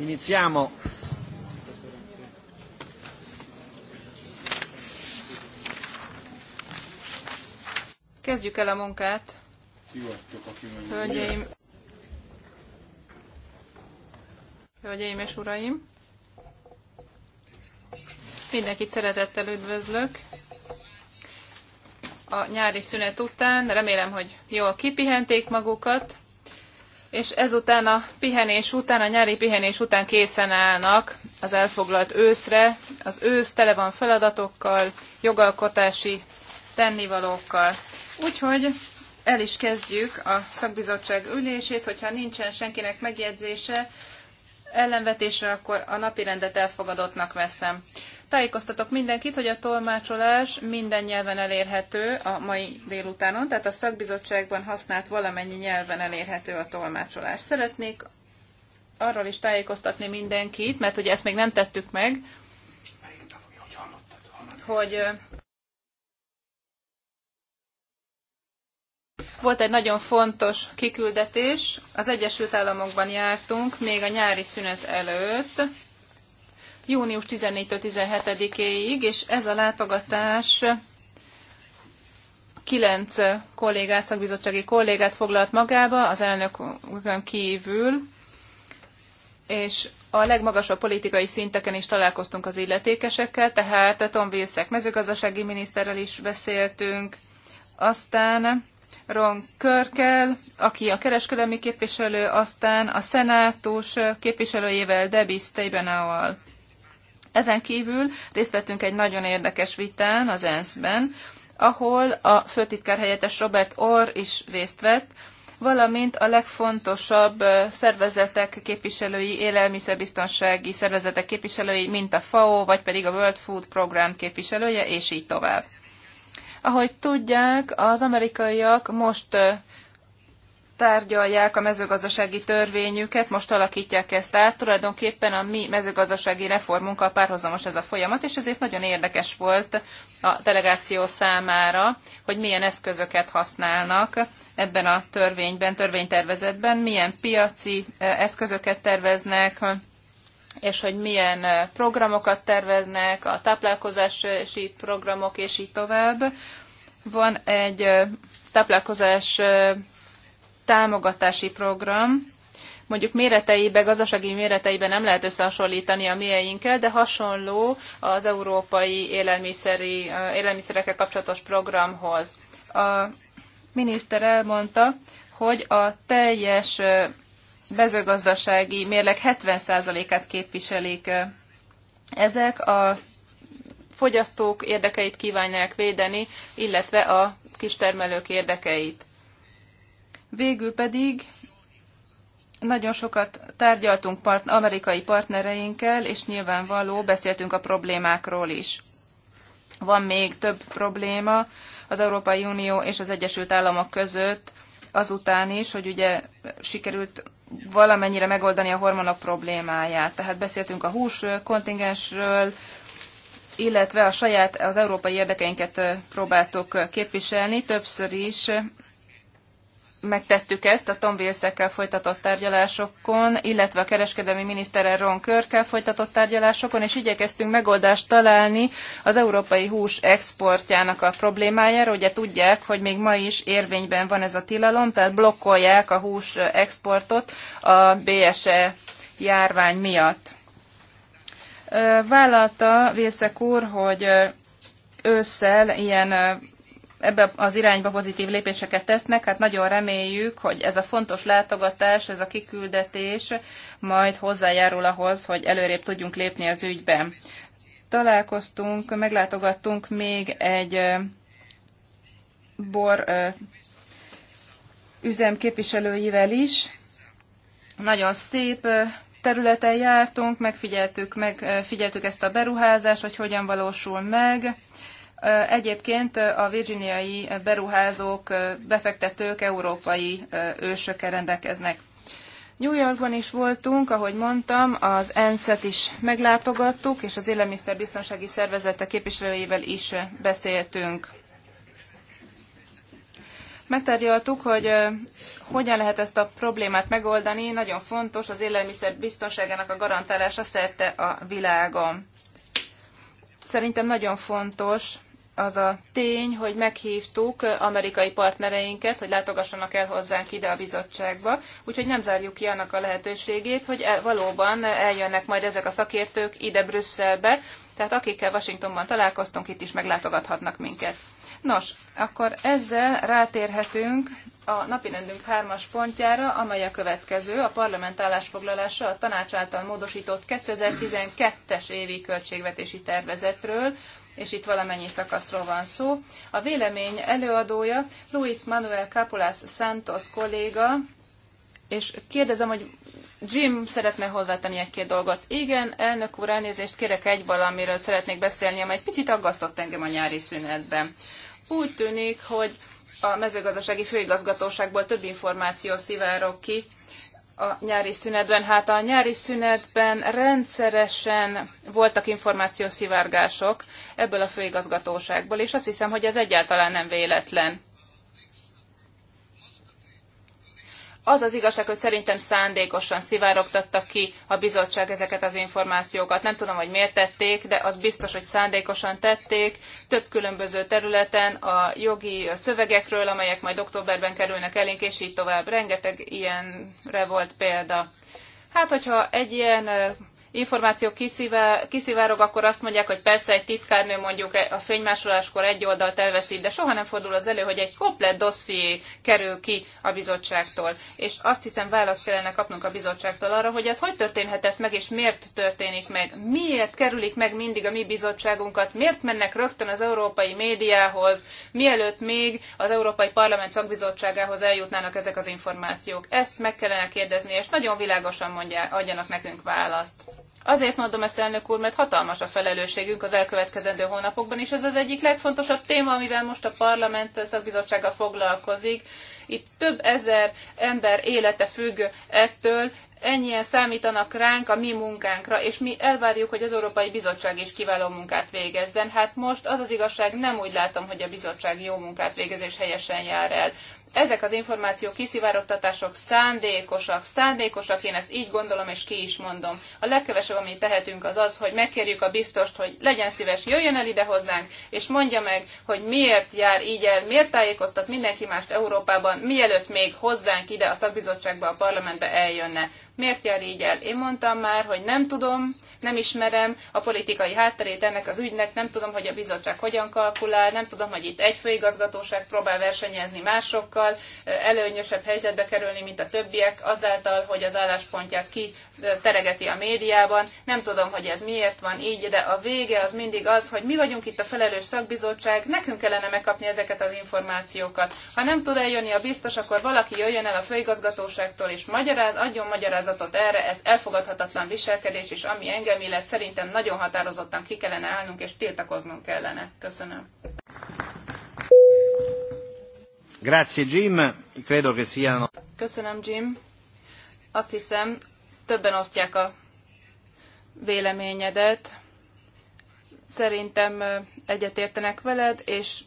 Iniziamo. Kezdjük el a munkát. Hölgyeim, hölgyeim és uraim! Mindenkit szeretettel üdvözlök a nyári szünet után. Remélem, hogy jól kipihenték magukat és ezután a pihenés után, a nyári pihenés után készen állnak az elfoglalt őszre. Az ősz tele van feladatokkal, jogalkotási tennivalókkal. Úgyhogy el is kezdjük a szakbizottság ülését, hogyha nincsen senkinek megjegyzése, ellenvetése, akkor a napi rendet elfogadottnak veszem. Tájékoztatok mindenkit, hogy a tolmácsolás minden nyelven elérhető a mai délutánon, tehát a szakbizottságban használt valamennyi nyelven elérhető a tolmácsolás. Szeretnék arról is tájékoztatni mindenkit, mert ugye ezt még nem tettük meg, hogy volt egy nagyon fontos kiküldetés. Az Egyesült Államokban jártunk, még a nyári szünet előtt, június 14-től 17-éig, és ez a látogatás kilenc kollégát, szakbizottsági kollégát foglalt magába, az elnökön kívül, és a legmagasabb politikai szinteken is találkoztunk az illetékesekkel, tehát Tom Vilszek mezőgazdasági miniszterrel is beszéltünk, aztán Ron Körkel, aki a kereskedelmi képviselő, aztán a szenátus képviselőjével Debbie Stabenauval. Ezen kívül részt vettünk egy nagyon érdekes vitán az ENSZ-ben, ahol a főtitkár helyettes Robert Orr is részt vett, valamint a legfontosabb szervezetek képviselői, élelmiszerbiztonsági szervezetek képviselői, mint a FAO, vagy pedig a World Food Program képviselője, és így tovább. Ahogy tudják, az amerikaiak most tárgyalják a mezőgazdasági törvényüket, most alakítják ezt át. Tulajdonképpen a mi mezőgazdasági reformunkkal párhuzamos ez a folyamat, és ezért nagyon érdekes volt a delegáció számára, hogy milyen eszközöket használnak ebben a törvényben, törvénytervezetben, milyen piaci eh, eszközöket terveznek, és hogy milyen eh, programokat terveznek, a táplálkozási programok, és így tovább. Van egy eh, táplálkozás támogatási program, mondjuk méreteiben, gazdasági méreteiben nem lehet összehasonlítani a mieinkkel, de hasonló az európai élelmiszeri, élelmiszerekkel kapcsolatos programhoz. A miniszter elmondta, hogy a teljes mezőgazdasági mérleg 70%-át képviselik ezek a fogyasztók érdekeit kívánják védeni, illetve a kistermelők érdekeit. Végül pedig nagyon sokat tárgyaltunk part- amerikai partnereinkkel, és nyilvánvaló beszéltünk a problémákról is. Van még több probléma az Európai Unió és az Egyesült Államok között, azután is, hogy ugye sikerült valamennyire megoldani a hormonok problémáját. Tehát beszéltünk a hús kontingensről, illetve a saját, az európai érdekeinket próbáltuk képviselni többször is, megtettük ezt a Tom Vilszekkel folytatott tárgyalásokon, illetve a kereskedelmi miniszterrel Ron Körkel folytatott tárgyalásokon, és igyekeztünk megoldást találni az európai hús exportjának a problémájára. Ugye tudják, hogy még ma is érvényben van ez a tilalom, tehát blokkolják a hús exportot a BSE járvány miatt. Vállalta Vészek úr, hogy ősszel ilyen ebbe az irányba pozitív lépéseket tesznek, hát nagyon reméljük, hogy ez a fontos látogatás, ez a kiküldetés majd hozzájárul ahhoz, hogy előrébb tudjunk lépni az ügyben. Találkoztunk, meglátogattunk még egy bor üzem képviselőivel is. Nagyon szép területen jártunk, megfigyeltük, megfigyeltük ezt a beruházást, hogy hogyan valósul meg Egyébként a virginiai beruházók, befektetők európai ősökkel rendelkeznek. New Yorkban is voltunk, ahogy mondtam, az ENSZ-et is meglátogattuk, és az élelmiszerbiztonsági szervezete képviselőjével is beszéltünk. Megtárgyaltuk, hogy hogyan lehet ezt a problémát megoldani. Nagyon fontos az élelmiszer biztonságának a garantálása szerte a világon. Szerintem nagyon fontos, az a tény, hogy meghívtuk amerikai partnereinket, hogy látogassanak el hozzánk ide a bizottságba, úgyhogy nem zárjuk ki annak a lehetőségét, hogy el, valóban eljönnek majd ezek a szakértők ide Brüsszelbe, tehát akikkel Washingtonban találkoztunk, itt is meglátogathatnak minket. Nos, akkor ezzel rátérhetünk a napirendünk hármas pontjára, amely a következő, a parlament állásfoglalása a tanács által módosított 2012-es évi költségvetési tervezetről, és itt valamennyi szakaszról van szó. A vélemény előadója Luis Manuel Capulas Santos kolléga, és kérdezem, hogy Jim szeretne hozzátenni egy-két dolgot. Igen, elnök úr, elnézést kérek egy valamiről szeretnék beszélni, amely egy picit aggasztott engem a nyári szünetben. Úgy tűnik, hogy a mezőgazdasági főigazgatóságból több információ szivárok ki, a nyári szünetben. Hát a nyári szünetben rendszeresen voltak információs ebből a főigazgatóságból, és azt hiszem, hogy ez egyáltalán nem véletlen. Az az igazság, hogy szerintem szándékosan szivárogtattak ki a bizottság ezeket az információkat. Nem tudom, hogy miért tették, de az biztos, hogy szándékosan tették. Több különböző területen a jogi szövegekről, amelyek majd októberben kerülnek elénk, és így tovább. Rengeteg ilyenre volt példa. Hát, hogyha egy ilyen információ kiszivárog, akkor azt mondják, hogy persze egy titkárnő mondjuk e- a fénymásoláskor egy oldalt elveszít, de soha nem fordul az elő, hogy egy komplett dosszié kerül ki a bizottságtól. És azt hiszem választ kellene kapnunk a bizottságtól arra, hogy ez hogy történhetett meg, és miért történik meg. Miért kerülik meg mindig a mi bizottságunkat, miért mennek rögtön az európai médiához, mielőtt még az Európai Parlament szakbizottságához eljutnának ezek az információk. Ezt meg kellene kérdezni, és nagyon világosan mondják, adjanak nekünk választ választ. Azért mondom ezt, elnök úr, mert hatalmas a felelősségünk az elkövetkezendő hónapokban, és ez az egyik legfontosabb téma, amivel most a parlament szakbizottsága foglalkozik, itt több ezer ember élete függ ettől, ennyien számítanak ránk, a mi munkánkra, és mi elvárjuk, hogy az Európai Bizottság is kiváló munkát végezzen. Hát most az az igazság, nem úgy látom, hogy a bizottság jó munkát végez és helyesen jár el. Ezek az információk kiszivárogtatások szándékosak, szándékosak, én ezt így gondolom és ki is mondom. A legkevesebb, amit tehetünk az az, hogy megkérjük a biztost, hogy legyen szíves, jöjjön el ide hozzánk, és mondja meg, hogy miért jár így el, miért tájékoztat mindenki mást Európában mielőtt még hozzánk ide a szakbizottságba, a parlamentbe eljönne. Miért jár így el? Én mondtam már, hogy nem tudom, nem ismerem a politikai hátterét ennek az ügynek, nem tudom, hogy a bizottság hogyan kalkulál, nem tudom, hogy itt egy főigazgatóság próbál versenyezni másokkal, előnyösebb helyzetbe kerülni, mint a többiek, azáltal, hogy az álláspontját ki teregeti a médiában. Nem tudom, hogy ez miért van így, de a vége az mindig az, hogy mi vagyunk itt a felelős szakbizottság, nekünk kellene megkapni ezeket az információkat. Ha nem tud eljönni a biztos, akkor valaki jöjjön el a főigazgatóságtól és magyaráz, adjon magyarázatot erre, ez elfogadhatatlan viselkedés, és ami engem illet, szerintem nagyon határozottan ki kellene állnunk, és tiltakoznunk kellene. Köszönöm. Grazie Jim, credo che siano... Köszönöm Jim. Azt hiszem, többen osztják a véleményedet. Szerintem egyetértenek veled, és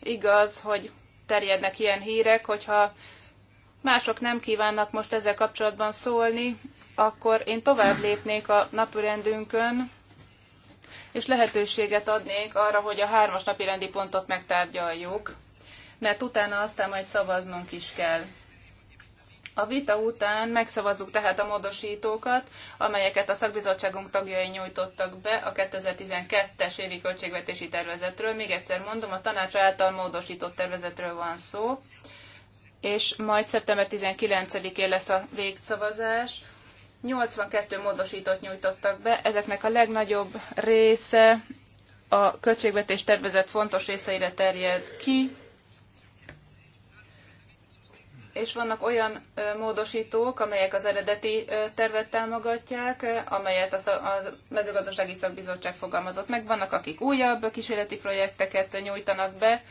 igaz, hogy terjednek ilyen hírek, hogyha mások nem kívánnak most ezzel kapcsolatban szólni, akkor én tovább lépnék a napirendünkön, és lehetőséget adnék arra, hogy a hármas napirendi pontot megtárgyaljuk, mert utána aztán majd szavaznunk is kell. A vita után megszavazzuk tehát a módosítókat, amelyeket a szakbizottságunk tagjai nyújtottak be a 2012-es évi költségvetési tervezetről. Még egyszer mondom, a tanács által módosított tervezetről van szó, és majd szeptember 19-én lesz a végszavazás. 82 módosítót nyújtottak be, ezeknek a legnagyobb része a költségvetés tervezet fontos részeire terjed ki, és vannak olyan módosítók, amelyek az eredeti tervet támogatják, amelyet a mezőgazdasági szakbizottság fogalmazott meg. Vannak, akik újabb kísérleti projekteket nyújtanak be,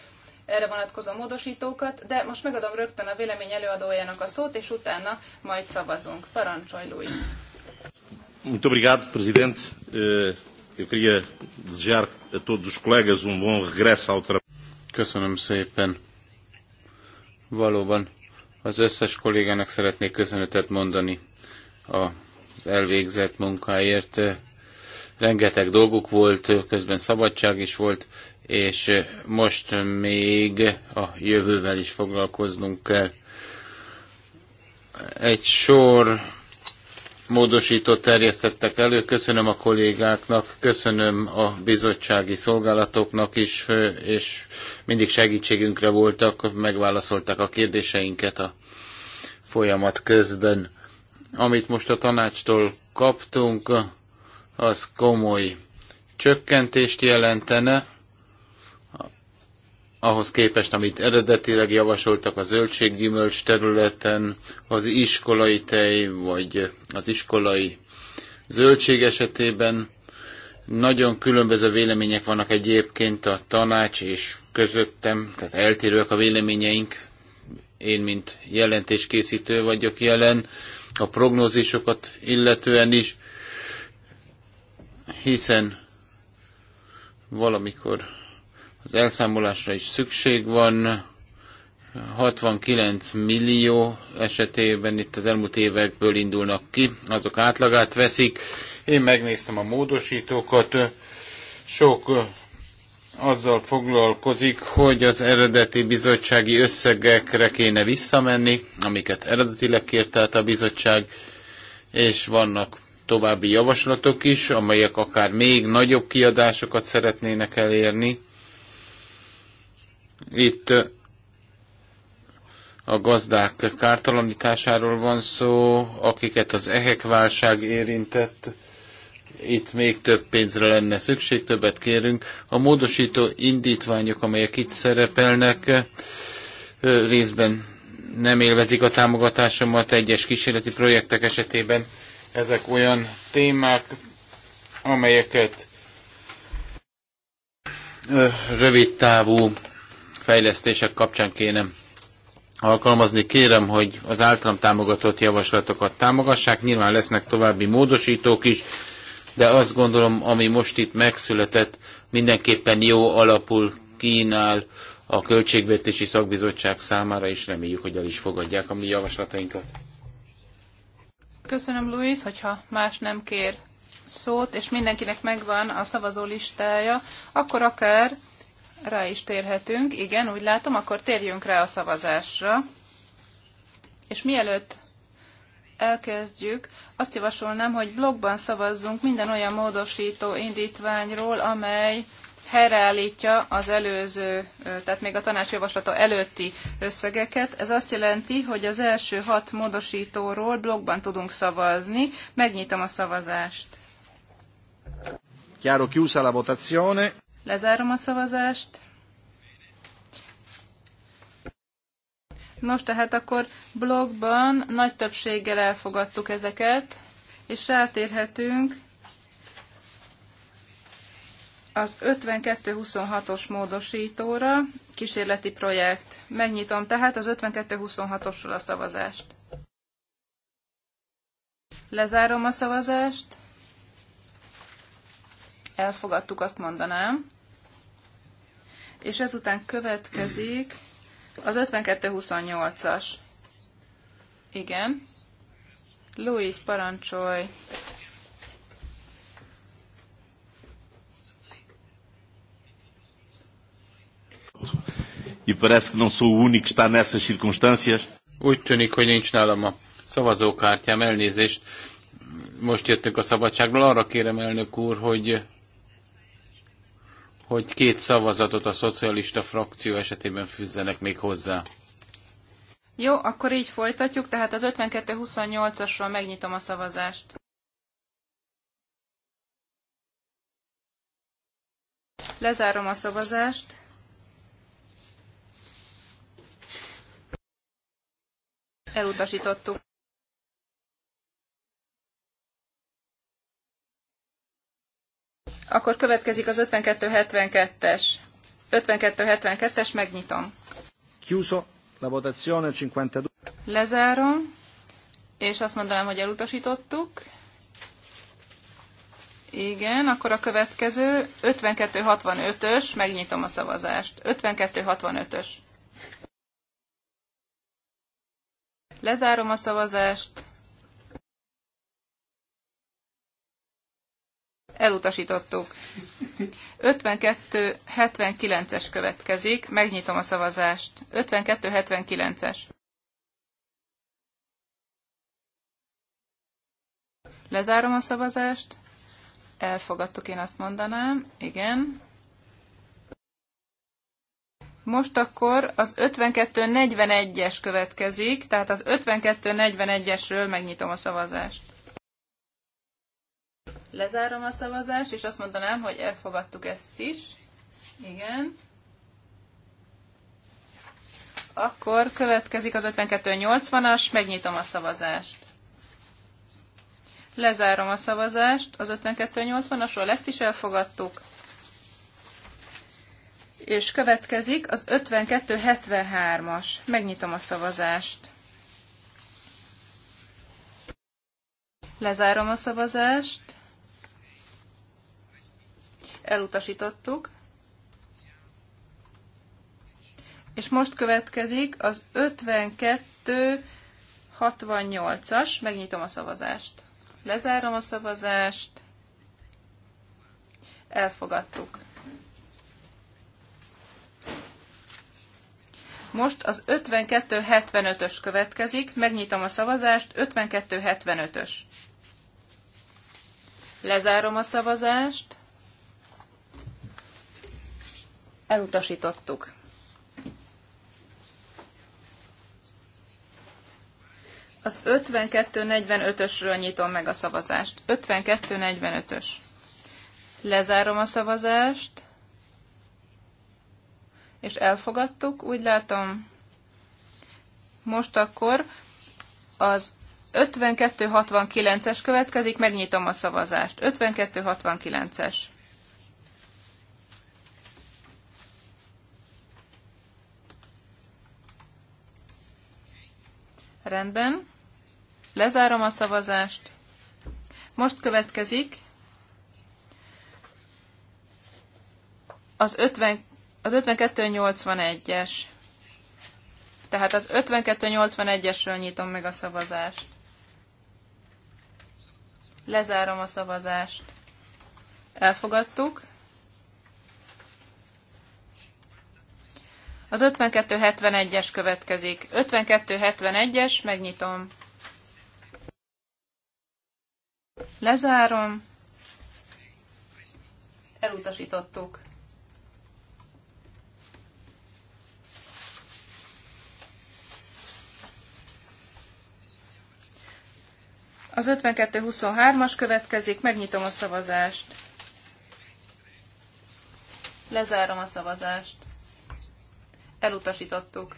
erre vonatkozó módosítókat, de most megadom rögtön a vélemény előadójának a szót, és utána majd szavazunk. Parancsolj, Luis! Muito obrigado, Presidente. Eh, eu queria desejar a todos os colegas um bom regresso ao trabalho. Köszönöm szépen. Valóban az összes kollégának szeretnék köszönetet mondani az elvégzett munkáért. Rengeteg dolguk volt, közben szabadság is volt, és most még a jövővel is foglalkoznunk kell. Egy sor Módosított terjesztettek elő. Köszönöm a kollégáknak, köszönöm a bizottsági szolgálatoknak is, és mindig segítségünkre voltak, megválaszolták a kérdéseinket a folyamat közben. Amit most a tanácstól kaptunk, az komoly csökkentést jelentene ahhoz képest, amit eredetileg javasoltak a zöldséggyümölcs területen, az iskolai tej, vagy az iskolai zöldség esetében. Nagyon különböző vélemények vannak egyébként a tanács és közöttem, tehát eltérőek a véleményeink. Én, mint jelentéskészítő vagyok jelen, a prognózisokat illetően is, hiszen valamikor az elszámolásra is szükség van. 69 millió esetében itt az elmúlt évekből indulnak ki, azok átlagát veszik. Én megnéztem a módosítókat, sok azzal foglalkozik, hogy az eredeti bizottsági összegekre kéne visszamenni, amiket eredetileg kért át a bizottság, és vannak további javaslatok is, amelyek akár még nagyobb kiadásokat szeretnének elérni itt a gazdák kártalanításáról van szó, akiket az ehek válság érintett. Itt még több pénzre lenne szükség, többet kérünk. A módosító indítványok, amelyek itt szerepelnek, részben nem élvezik a támogatásomat egyes kísérleti projektek esetében. Ezek olyan témák, amelyeket rövid távú fejlesztések kapcsán kéne alkalmazni. Kérem, hogy az általam támogatott javaslatokat támogassák. Nyilván lesznek további módosítók is, de azt gondolom, ami most itt megszületett, mindenképpen jó alapul kínál a Költségvetési Szakbizottság számára, és reméljük, hogy el is fogadják a mi javaslatainkat. Köszönöm, Luis, hogyha más nem kér szót, és mindenkinek megvan a szavazó listája, akkor akár rá is térhetünk, igen, úgy látom, akkor térjünk rá a szavazásra. És mielőtt elkezdjük, azt javasolnám, hogy blogban szavazzunk minden olyan módosító indítványról, amely helyreállítja az előző, tehát még a tanács előtti összegeket. Ez azt jelenti, hogy az első hat módosítóról blogban tudunk szavazni. Megnyitom a szavazást. Chiaro chiusa la votazione. Lezárom a szavazást. Nos, tehát akkor blogban nagy többséggel elfogadtuk ezeket, és rátérhetünk az 5226-os módosítóra, kísérleti projekt. Megnyitom tehát az 5226-osról a szavazást. Lezárom a szavazást elfogadtuk, azt mondanám. És ezután következik az 52-28-as. Igen. Louis, parancsolj! E parece que não sou o único que está nessas circunstâncias. Úgy tűnik, hogy nincs nálam a szavazókártyám, elnézést. Most jöttünk a szabadságról. Arra kérem, elnök úr, hogy hogy két szavazatot a szocialista frakció esetében fűzzenek még hozzá. Jó, akkor így folytatjuk, tehát az 52-28-asról megnyitom a szavazást. Lezárom a szavazást. Elutasítottuk. Akkor következik az 52-72-es. 52-72-es, megnyitom. Chiuso la votazione 52. Lezárom, és azt mondanám, hogy elutasítottuk. Igen, akkor a következő 52-65-ös, megnyitom a szavazást. 52-65-ös. Lezárom a szavazást. elutasítottuk. 52-79-es következik, megnyitom a szavazást. 52-79-es. Lezárom a szavazást. Elfogadtuk, én azt mondanám. Igen. Most akkor az 52-41-es következik, tehát az 52-41-esről megnyitom a szavazást. Lezárom a szavazást, és azt mondanám, hogy elfogadtuk ezt is. Igen. Akkor következik az 5280-as, megnyitom a szavazást. Lezárom a szavazást az 5280-asról, ezt is elfogadtuk. És következik az 5273-as. Megnyitom a szavazást. Lezárom a szavazást. Elutasítottuk. És most következik az 52-68-as. Megnyitom a szavazást. Lezárom a szavazást. Elfogadtuk. Most az 52-75-ös következik, megnyitom a szavazást, 52-75-ös. Lezárom a szavazást. Elutasítottuk. Az 52-45-ösről nyitom meg a szavazást. 52-45-ös. Lezárom a szavazást. És elfogadtuk, úgy látom. Most akkor az 5269 es következik, megnyitom a szavazást. 5269 es Rendben. Lezárom a szavazást. Most következik az, 50, az 5281 es Tehát az 5281 esről nyitom meg a szavazást. Lezárom a szavazást. Elfogadtuk. Az 5271-es következik. 5271-es, megnyitom. Lezárom. Elutasítottuk. Az 52-23-as következik, megnyitom a szavazást. Lezárom a szavazást. Elutasítottuk.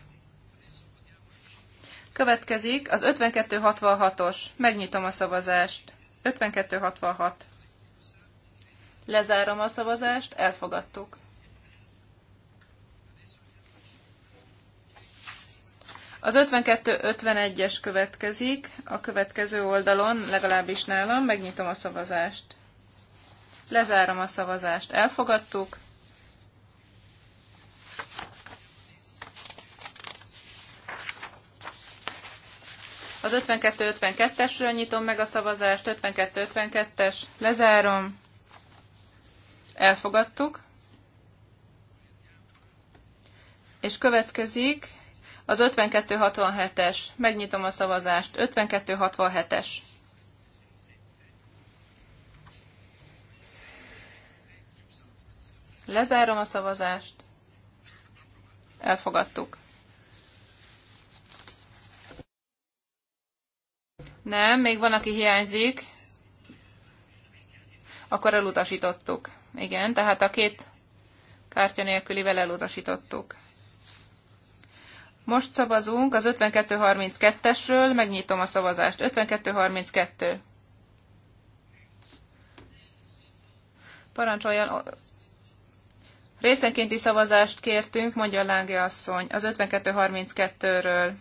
Következik az 52-66-os. Megnyitom a szavazást. 52-66. Lezárom a szavazást, elfogadtuk. Az 52-51-es következik a következő oldalon, legalábbis nálam, megnyitom a szavazást. Lezárom a szavazást. Elfogadtuk. Az 52-52-esről nyitom meg a szavazást, 52-52-es, lezárom, elfogadtuk. És következik az 5267-es, megnyitom a szavazást, 5267-es. Lezárom a szavazást. Elfogadtuk. Nem, még van, aki hiányzik. Akkor elutasítottuk. Igen, tehát a két kártya nélkülivel elutasítottuk. Most szavazunk az 5232-esről, megnyitom a szavazást. 5232. Parancsoljon. Részenkénti szavazást kértünk, mondja Lángi asszony, az 5232-ről.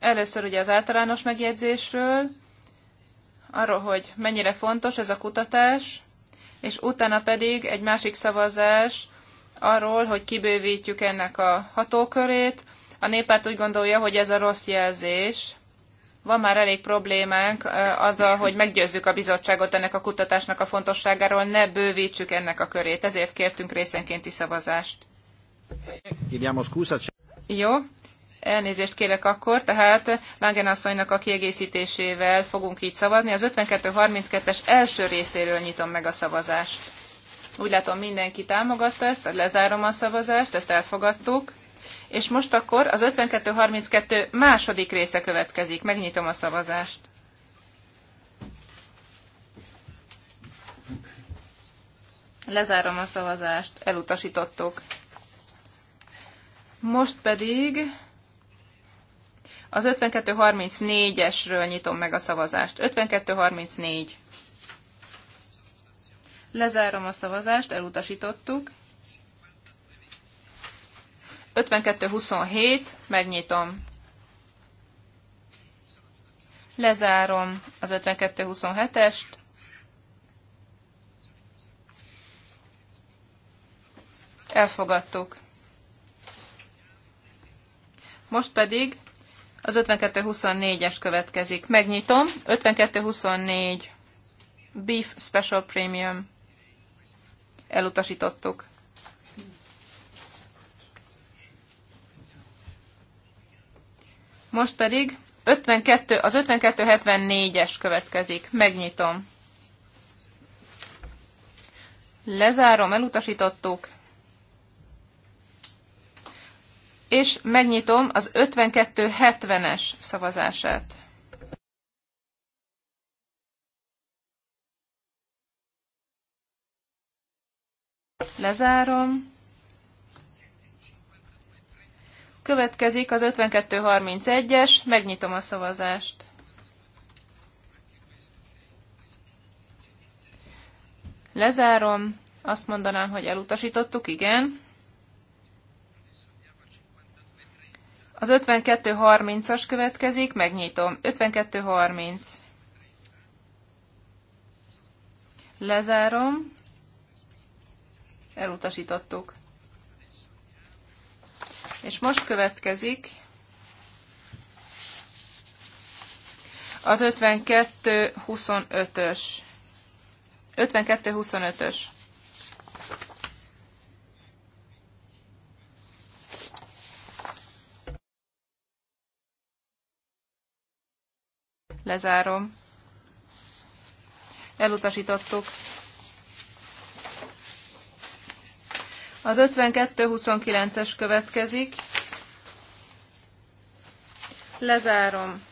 Először ugye az általános megjegyzésről, arról, hogy mennyire fontos ez a kutatás, és utána pedig egy másik szavazás arról, hogy kibővítjük ennek a hatókörét. A néppárt úgy gondolja, hogy ez a rossz jelzés. Van már elég problémánk azzal, hogy meggyőzzük a bizottságot ennek a kutatásnak a fontosságáról, ne bővítsük ennek a körét. Ezért kértünk részenkénti szavazást. Jó, Elnézést kérek akkor, tehát Langen asszonynak a kiegészítésével fogunk így szavazni. Az 52-32-es első részéről nyitom meg a szavazást. Úgy látom, mindenki támogatta ezt, lezárom a szavazást, ezt elfogadtuk. És most akkor az 5232 második része következik. Megnyitom a szavazást. Lezárom a szavazást, elutasítottuk. Most pedig az 5234-esről nyitom meg a szavazást. 5234. Lezárom a szavazást, elutasítottuk. 52-27, megnyitom. Lezárom az 52-27-est. Elfogadtuk. Most pedig az 52-24-es következik. Megnyitom. 52-24 Beef Special Premium. 52-24 elutasítottuk. Most pedig 52, az 5274 es következik. Megnyitom. Lezárom, elutasítottuk. És megnyitom az 5270 es szavazását. Lezárom. Következik az 5231-es, megnyitom a szavazást. Lezárom, azt mondanám, hogy elutasítottuk, igen. Az 5230-as következik, megnyitom. 5230. Lezárom elutasítottuk. És most következik az 52-25-ös. 52-25-ös. Lezárom. Elutasítottuk. Az 52-29-es következik. Lezárom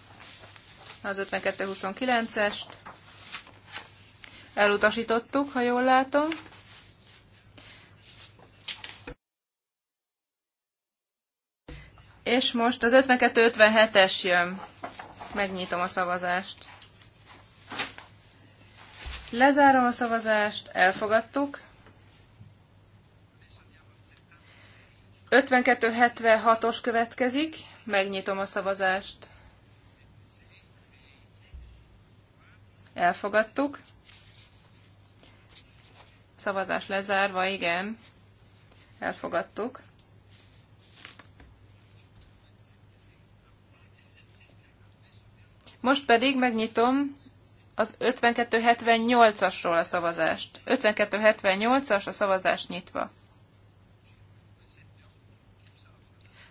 az 52-29-est. Elutasítottuk, ha jól látom. És most az 52-57-es jön. Megnyitom a szavazást. Lezárom a szavazást, elfogadtuk. 52-76-os következik, megnyitom a szavazást. Elfogadtuk. Szavazás lezárva, igen. Elfogadtuk. Most pedig megnyitom az 5278 asról a szavazást. 5278 as a szavazás nyitva.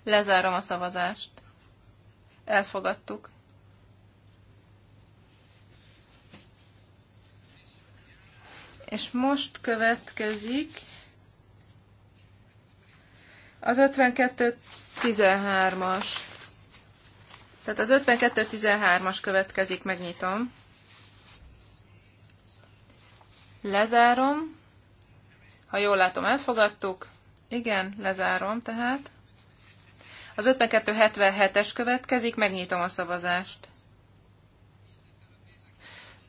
Lezárom a szavazást. Elfogadtuk. És most következik az 52-13-as. Tehát az 52-13-as következik, megnyitom. Lezárom. Ha jól látom, elfogadtuk. Igen, lezárom tehát. Az 5277-es következik, megnyitom a szavazást.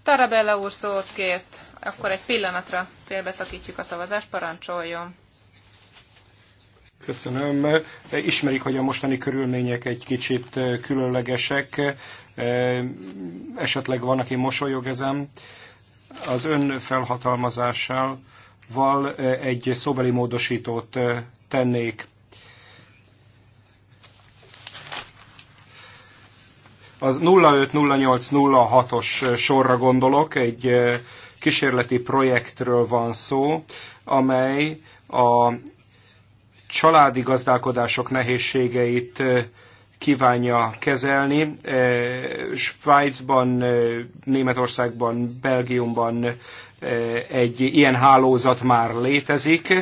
Tarabella úr szót kért. Akkor egy pillanatra félbeszakítjuk a szavazást, parancsoljon. Köszönöm. Ismerik, hogy a mostani körülmények egy kicsit eh, különlegesek. Eh, esetleg van, aki mosolyog ezen. Az ön felhatalmazásával eh, egy szóbeli módosítót tennék Az 050806-os sorra gondolok, egy kísérleti projektről van szó, amely a családi gazdálkodások nehézségeit kívánja kezelni. E, Svájcban, e, Németországban, Belgiumban e, egy ilyen hálózat már létezik,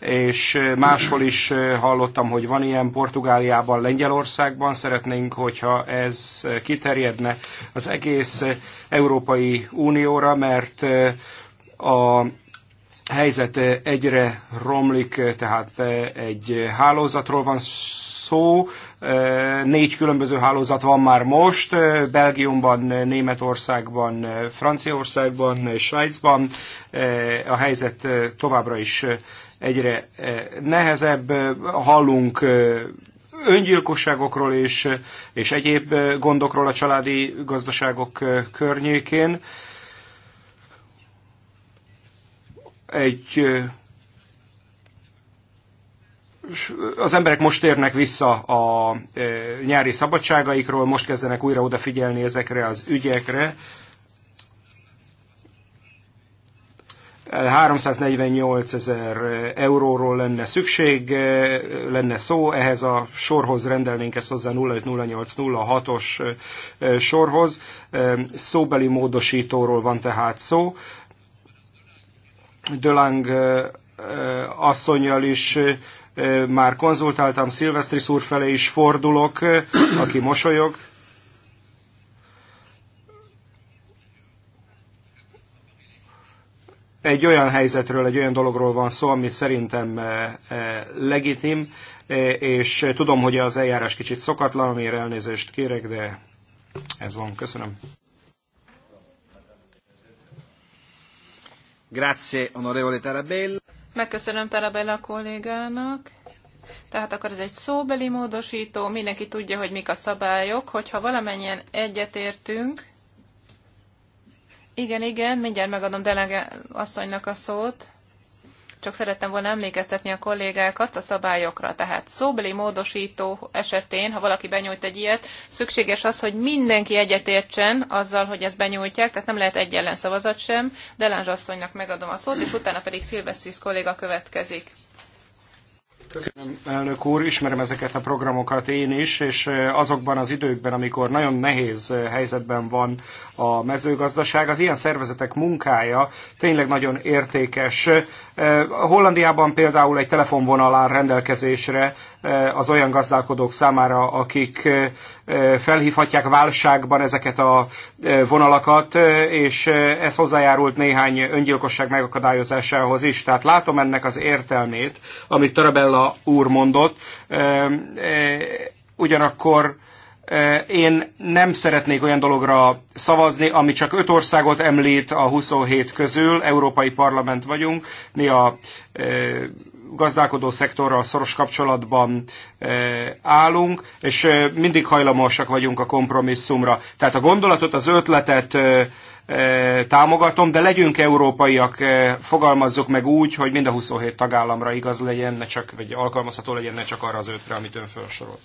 és máshol is hallottam, hogy van ilyen Portugáliában, Lengyelországban. Szeretnénk, hogyha ez kiterjedne az egész Európai Unióra, mert a helyzet egyre romlik, tehát egy hálózatról van szó. Négy különböző hálózat van már most, Belgiumban, Németországban, Franciaországban, Svájcban. A helyzet továbbra is egyre nehezebb. Hallunk öngyilkosságokról és, és egyéb gondokról a családi gazdaságok környékén. Egy az emberek most térnek vissza a e, nyári szabadságaikról, most kezdenek újra odafigyelni ezekre az ügyekre. 348 ezer euróról lenne szükség, e, lenne szó, ehhez a sorhoz rendelnénk ezt hozzá 050806-os e, sorhoz. Szóbeli módosítóról van tehát szó. Dölang asszonyjal is már konzultáltam, Szilvesztri úr felé is fordulok, aki mosolyog. Egy olyan helyzetről, egy olyan dologról van szó, ami szerintem legitim, és tudom, hogy az eljárás kicsit szokatlan, amire elnézést kérek, de ez van. Köszönöm. Grazie, onorevole Tarabella. Megköszönöm Tarabella kollégának. Tehát akkor ez egy szóbeli módosító, mindenki tudja, hogy mik a szabályok, hogyha valamennyien egyetértünk, igen, igen, mindjárt megadom Delege asszonynak a szót csak szerettem volna emlékeztetni a kollégákat a szabályokra. Tehát szóbeli módosító esetén, ha valaki benyújt egy ilyet, szükséges az, hogy mindenki egyetértsen azzal, hogy ezt benyújtják, tehát nem lehet egy ellen szavazat sem. Delánzs asszonynak megadom a szót, és utána pedig Szilveszis kolléga következik. Köszönöm, elnök úr, ismerem ezeket a programokat én is, és eh, azokban az időkben, amikor nagyon nehéz eh, helyzetben van a mezőgazdaság, az ilyen szervezetek munkája tényleg nagyon értékes. Eh, Eh, Hollandiában például egy telefonvonal áll rendelkezésre eh, az olyan gazdálkodók számára, akik eh, felhívhatják válságban ezeket a vonalakat, és ez hozzájárult néhány öngyilkosság megakadályozásához is. Tehát látom ennek az értelmét, amit Tarabella úr mondott. Ugyanakkor én nem szeretnék olyan dologra szavazni, ami csak öt országot említ a 27 közül. Európai Parlament vagyunk. Mi a gazdálkodó szektorral szoros kapcsolatban állunk, és mindig hajlamosak vagyunk a kompromisszumra. Tehát a gondolatot, az ötletet támogatom, de legyünk európaiak, fogalmazzuk meg úgy, hogy mind a 27 tagállamra igaz legyen, ne csak, vagy alkalmazható legyen, ne csak arra az ötre, amit ön felsorolt.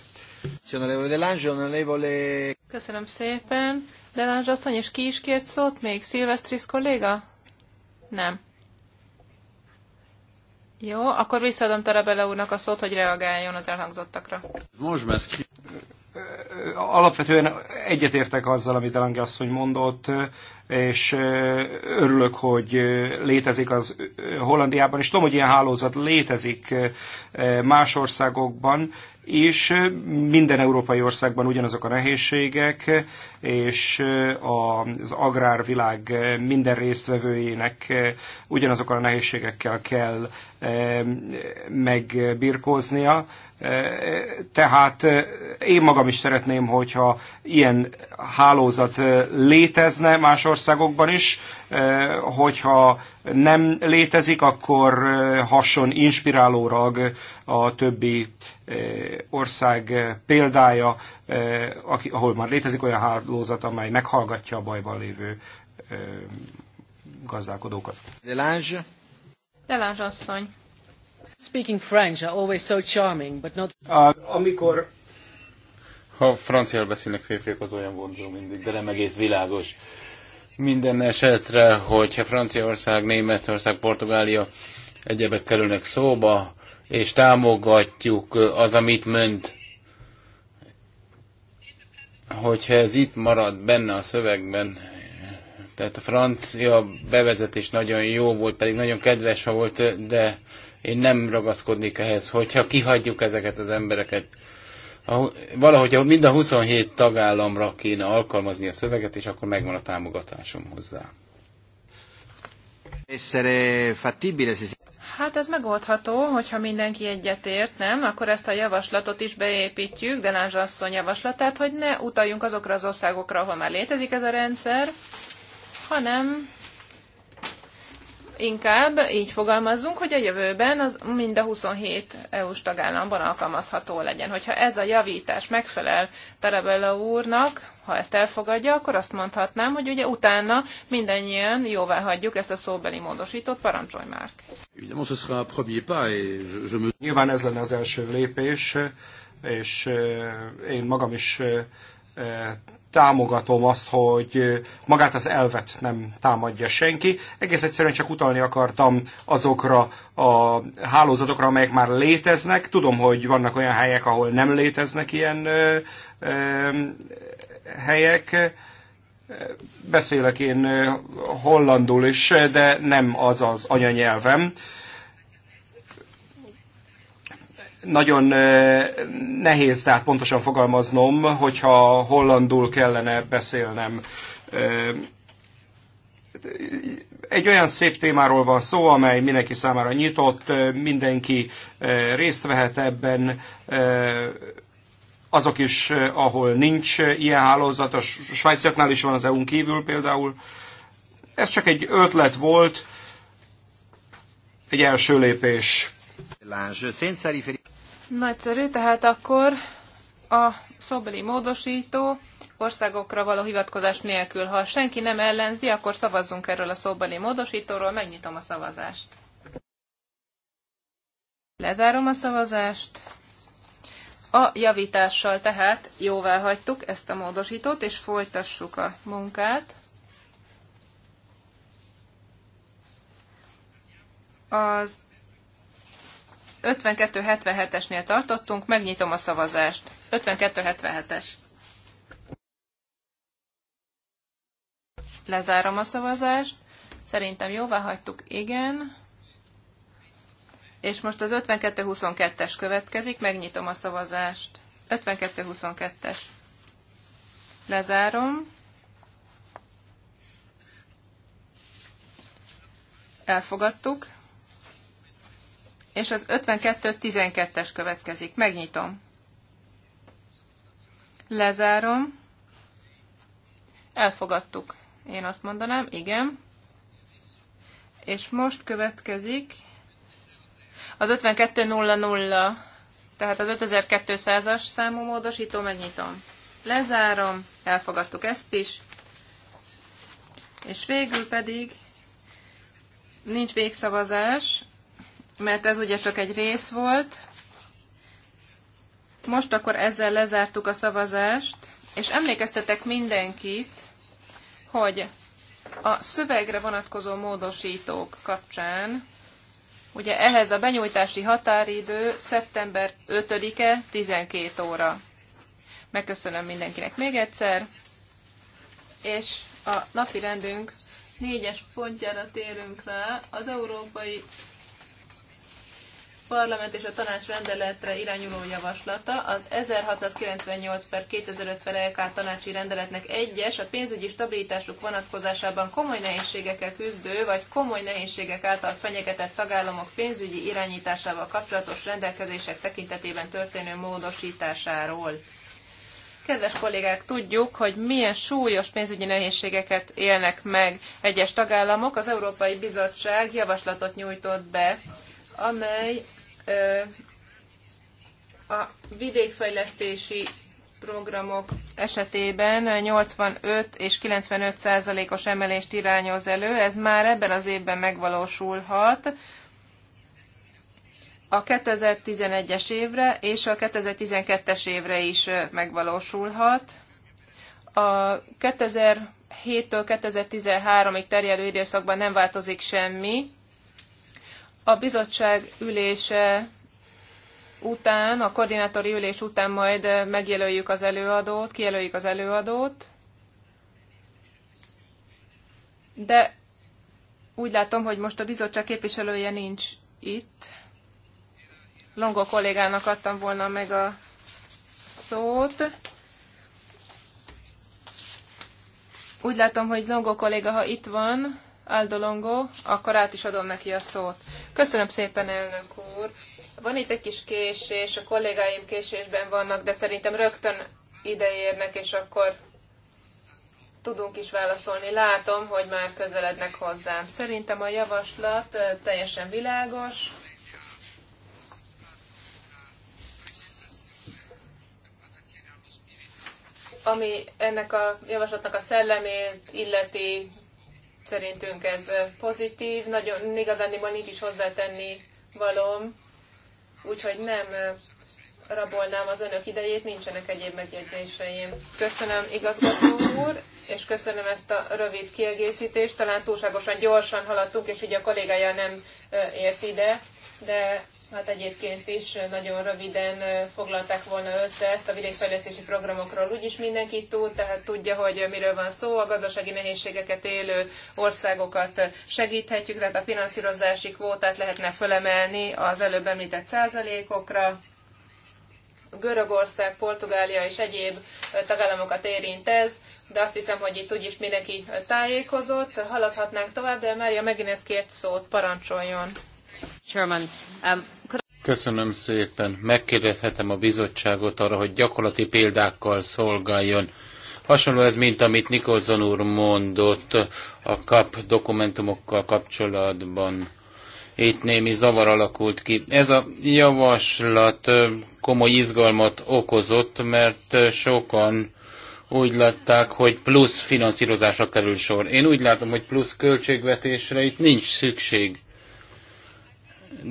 Köszönöm szépen. Delange asszony, és ki is kért szót még? Szilvesztris kolléga? Nem. Jó, akkor visszaadom Tarabella úrnak a szót, hogy reagáljon az elhangzottakra. Most Alapvetően egyetértek azzal, amit Elangi asszony mondott, és örülök, hogy létezik az Hollandiában, és tudom, hogy ilyen hálózat létezik más országokban, és minden európai országban ugyanazok a nehézségek, és az agrárvilág minden résztvevőjének ugyanazokkal a nehézségekkel kell eh, megbirkóznia. Eh, tehát eh, én magam is szeretném, hogyha ilyen hálózat létezne más országokban is, Eh, hogyha nem létezik, akkor eh, hason inspiráló rag a többi eh, ország példája, ahol már létezik olyan hálózat, amely meghallgatja a bajban lévő gazdálkodókat. Delange. Delange asszony. Speaking French are always so charming, but not... amikor... Ha franciál beszélnek férfiak, az olyan vonzó mindig, de nem egész világos. Minden esetre, hogyha Franciaország, Németország, Portugália egyebek kerülnek szóba, és támogatjuk az, amit ment, hogyha ez itt marad benne a szövegben, tehát a francia bevezetés nagyon jó volt, pedig nagyon kedves volt, de én nem ragaszkodnék ehhez, hogyha kihagyjuk ezeket az embereket, a, valahogy mind a 27 tagállamra kéne alkalmazni a szöveget, és akkor megvan a támogatásom hozzá. Hát ez megoldható, hogyha mindenki egyetért, nem? Akkor ezt a javaslatot is beépítjük, de Lázsa asszony javaslatát, hogy ne utaljunk azokra az országokra, ahol már létezik ez a rendszer, hanem inkább így fogalmazzunk, hogy a jövőben az mind a 27 EU-s tagállamban alkalmazható legyen. Hogyha ez a javítás megfelel Tarabella úrnak, ha ezt elfogadja, akkor azt mondhatnám, hogy ugye utána mindannyian jóvá hagyjuk ezt a szóbeli módosított Parancsolj, már. Nyilván ez lenne az első lépés, és eh, én magam is eh, támogatom azt, hogy magát az elvet nem támadja senki. Egész egyszerűen csak utalni akartam azokra a hálózatokra, amelyek már léteznek. Tudom, hogy vannak olyan helyek, ahol nem léteznek ilyen ö, ö, helyek. Beszélek én hollandul is, de nem az az anyanyelvem. Ö, nagyon nehéz tehát pontosan fogalmaznom, hogyha hollandul kellene beszélnem. Egy olyan szép témáról van szó, amely mindenki számára nyitott, mindenki részt vehet ebben, azok is, ahol nincs ilyen hálózat, a svájciaknál is van az EU-n kívül például. Ez csak egy ötlet volt, egy első lépés. Nagyszerű, tehát akkor a szobeli módosító országokra való hivatkozás nélkül. Ha senki nem ellenzi, akkor szavazzunk erről a szóbeli módosítóról, megnyitom a szavazást. Lezárom a szavazást. A javítással tehát jóvá hagytuk ezt a módosítót, és folytassuk a munkát. Az 5277-esnél tartottunk, megnyitom a szavazást. 5277-es. Lezárom a szavazást. Szerintem jóvá hagytuk, igen. És most az 52-22-es következik, megnyitom a szavazást. 52-22-es. Lezárom. Elfogadtuk és az 52-12-es következik. Megnyitom. Lezárom. Elfogadtuk. Én azt mondanám, igen. És most következik az 52.00, tehát az 5200-as számú módosító, megnyitom. Lezárom, elfogadtuk ezt is. És végül pedig nincs végszavazás, mert ez ugye csak egy rész volt. Most akkor ezzel lezártuk a szavazást, és emlékeztetek mindenkit, hogy a szövegre vonatkozó módosítók kapcsán, ugye ehhez a benyújtási határidő szeptember 5-e 12 óra. Megköszönöm mindenkinek még egyszer, és a napi rendünk négyes pontjára térünk rá, az Európai Parlament és a Tanács rendeletre irányuló javaslata az 1698 per per LK tanácsi rendeletnek egyes a pénzügyi stabilitásuk vonatkozásában komoly nehézségekkel küzdő vagy komoly nehézségek által fenyegetett tagállamok pénzügyi irányításával kapcsolatos rendelkezések tekintetében történő módosításáról. Kedves kollégák, tudjuk, hogy milyen súlyos pénzügyi nehézségeket élnek meg egyes tagállamok. Az Európai Bizottság javaslatot nyújtott be, amely a vidékfejlesztési programok esetében 85 és 95 százalékos emelést irányoz elő, ez már ebben az évben megvalósulhat a 2011-es évre és a 2012-es évre is megvalósulhat. A 2007-től 2013-ig terjedő időszakban nem változik semmi, a bizottság ülése után, a koordinátori ülés után majd megjelöljük az előadót, kijelöljük az előadót, de úgy látom, hogy most a bizottság képviselője nincs itt. Longo kollégának adtam volna meg a szót. Úgy látom, hogy Longo kolléga, ha itt van, Aldolongo, akkor át is adom neki a szót. Köszönöm szépen, elnök úr. Van itt egy kis késés, a kollégáim késésben vannak, de szerintem rögtön ideérnek, és akkor tudunk is válaszolni. Látom, hogy már közelednek hozzám. Szerintem a javaslat teljesen világos. Ami ennek a javaslatnak a szellemét illeti, Szerintünk ez pozitív, nagyon igazándiból nincs is hozzátenni valom, úgyhogy nem rabolnám az önök idejét, nincsenek egyéb megjegyzéseim. Köszönöm igazgató úr, és köszönöm ezt a rövid kiegészítést. Talán túlságosan gyorsan haladtunk, és ugye a kollégája nem ért ide, de Hát egyébként is nagyon röviden foglalták volna össze ezt a vidékfejlesztési programokról. Úgyis mindenki tud, tehát tudja, hogy miről van szó, a gazdasági nehézségeket élő országokat segíthetjük, tehát a finanszírozási kvótát lehetne fölemelni az előbb említett százalékokra. Görögország, Portugália és egyéb tagállamokat érint ez, de azt hiszem, hogy itt úgyis mindenki tájékozott. Haladhatnánk tovább, de Mária megint ezt kért szót, parancsoljon. Um, Köszönöm szépen. Megkérdezhetem a bizottságot arra, hogy gyakorlati példákkal szolgáljon. Hasonló ez, mint amit Nikolson úr mondott a kap dokumentumokkal kapcsolatban. Itt némi zavar alakult ki. Ez a javaslat komoly izgalmat okozott, mert sokan úgy látták, hogy plusz finanszírozásra kerül sor. Én úgy látom, hogy plusz költségvetésre itt nincs szükség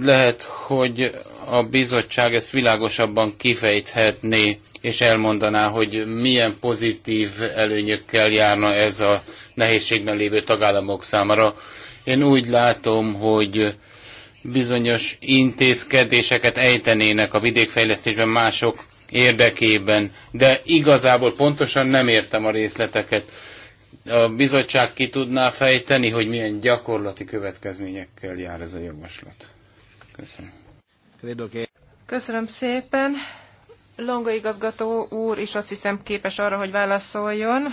lehet, hogy a bizottság ezt világosabban kifejthetné, és elmondaná, hogy milyen pozitív előnyökkel járna ez a nehézségben lévő tagállamok számára. Én úgy látom, hogy bizonyos intézkedéseket ejtenének a vidékfejlesztésben mások érdekében, de igazából pontosan nem értem a részleteket. A bizottság ki tudná fejteni, hogy milyen gyakorlati következményekkel jár ez a javaslat? Köszönöm. Köszönöm szépen. Longo igazgató úr is azt hiszem képes arra, hogy válaszoljon,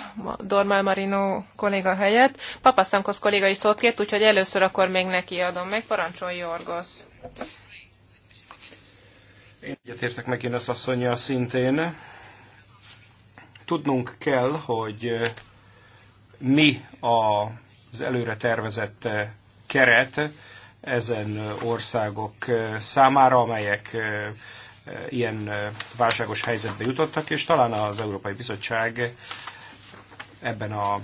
Dormal Marino kolléga helyett. Papasztankosz kolléga is szót kért, úgyhogy először akkor még neki adom meg. Parancsolj, Jorgosz! Én egyetértek meg én ezt asszonya szintén. Tudnunk kell, hogy eh, mi az előre tervezett eh, keret, ezen országok számára, amelyek ilyen válságos helyzetbe jutottak, és talán az Európai Bizottság ebben a